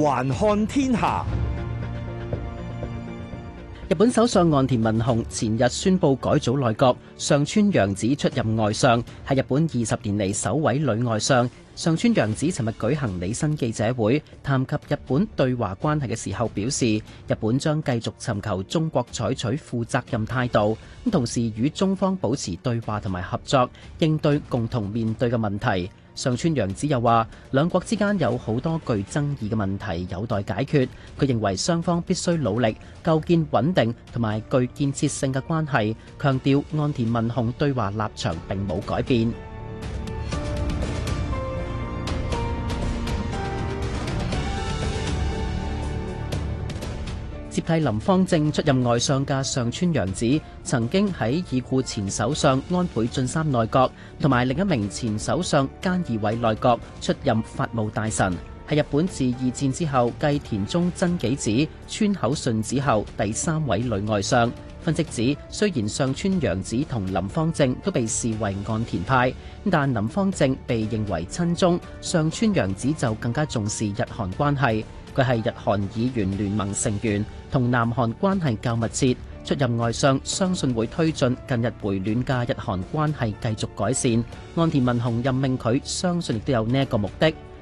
環看天下，日本首相岸田文雄前日宣布改組內閣，上川陽子出任外相，係日本二十年嚟首位女外相。上川陽子尋日舉行履新記者會，談及日本對華關係嘅時候，表示日本將繼續尋求中國採取負責任態度，同時與中方保持對話同埋合作，應對共同面對嘅問題。上川陽子又話，兩國之間有好多具爭議嘅問題有待解決，佢認為雙方必須努力構建穩定同埋具建設性嘅關係，強調岸田文雄對華立場並冇改變。接替林方正出任外相嘅上川陽子，曾經喺已故前首相安倍晉三內閣同埋另一名前首相菅義偉內閣出任法務大臣，係日本自二戰之後繼田中真紀子、川口順子後第三位女外相。分析指，雖然上川陽子同林方正都被視為岸田派，但林方正被認為親中，上川陽子就更加重視日韓關係。佢係日韓議員聯盟成員，同南韓關係較密切。出任外相，相信會推進近日回暖嘅日韓關係繼續改善。岸田文雄任命佢，相信亦都有呢一個目的。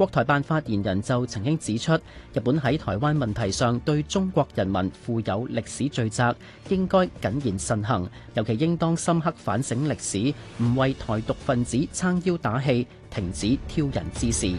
國台辦發言人就曾經指出，日本喺台灣問題上對中國人民負有歷史罪責，應該謹言慎行，尤其應當深刻反省歷史，唔為台獨分子撐腰打氣，停止挑釁之事。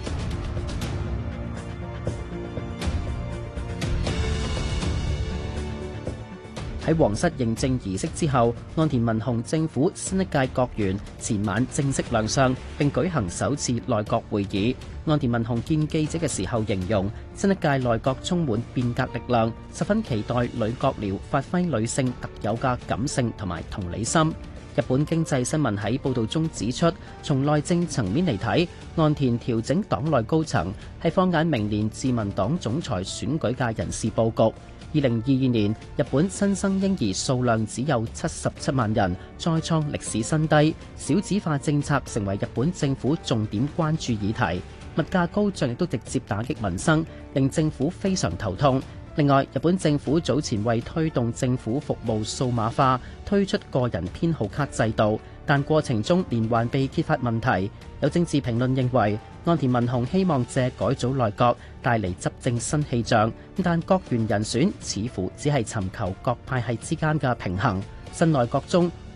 喺皇室認證儀式之後，岸田文雄政府新一屆閣員前晚正式亮相，並舉行首次內閣會議。岸田文雄見記者嘅時候形容，新一屆內閣充滿變革力量，十分期待女閣僚發揮女性特有嘅感性同埋同理心。日本經濟新聞喺報導中指出，從內政層面嚟睇，岸田調整黨內高層，係放眼明年自民黨總裁選舉嘅人事佈局。二零二二年日本新生嬰兒數量只有七十七萬人，再創歷史新低，少子化政策成為日本政府重點關注議題。物價高漲亦都直接打擊民生，令政府非常頭痛。另外，日本政府早前為推動政府服務數碼化，推出個人編號卡制度，但過程中連環被揭發問題。有政治評論認為，岸田文雄希望借改組內閣帶嚟執政新氣象，但閣員人選似乎只係尋求各派系之間嘅平衡。新內閣中，